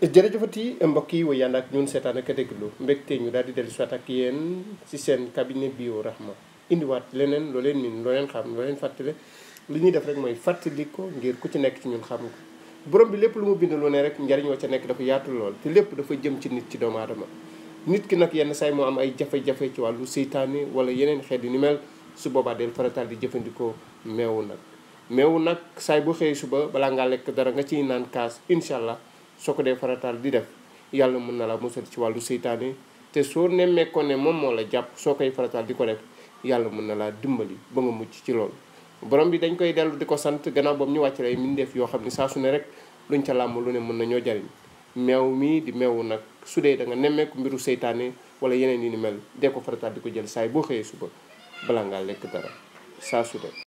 jërëjëfati mbokk yi way ànd ak ñun seetaan ak a déglu mbégte ñu daal di dellu soit ak yéen ci seen cabinet bio indiwaat leneen loo leen miin loo leen xam fàttale li ñuy def rek mooy fàttali ko ngir ku ci nekk ci ñun xam ko borom bi lépp lu mu bind rek njariñ wa ca nekk dafa yaatu lool te lépp dafa jëm ci nit ci doomu aadama nit ki nag yenn saay moo am ay jafe-jafe ci wàllu seytaane wala yeneen xeet yi ni mel si boobaa del farataal di jëfandikoo meewu nag meewu nag saay boo xëyee suba balaa ngaa lekk dara nga ciy naan kaas incha allah soo ko dee farataal di def yàlla mën na la musal ci wàllu seytaane te soo nemmeekoo ne moom moo la jàpp soo koy farataal di ko def yàlla mën na laa dimbali ba nga mucc ci lool borom bi dañ koy dellu di ko sant gannaaw boobu ñu wàcc lay def yoo xam ne saa su ne rek luñ ca làmb lu ne mën na ñoo jariñ meew mii di meewu nag su dee da nga nemmeeku mbiru seytaane wala yeneen yi ni mel dee ko farataal di ko jël saay boo xëyee suba bala ngaa lekk dara saa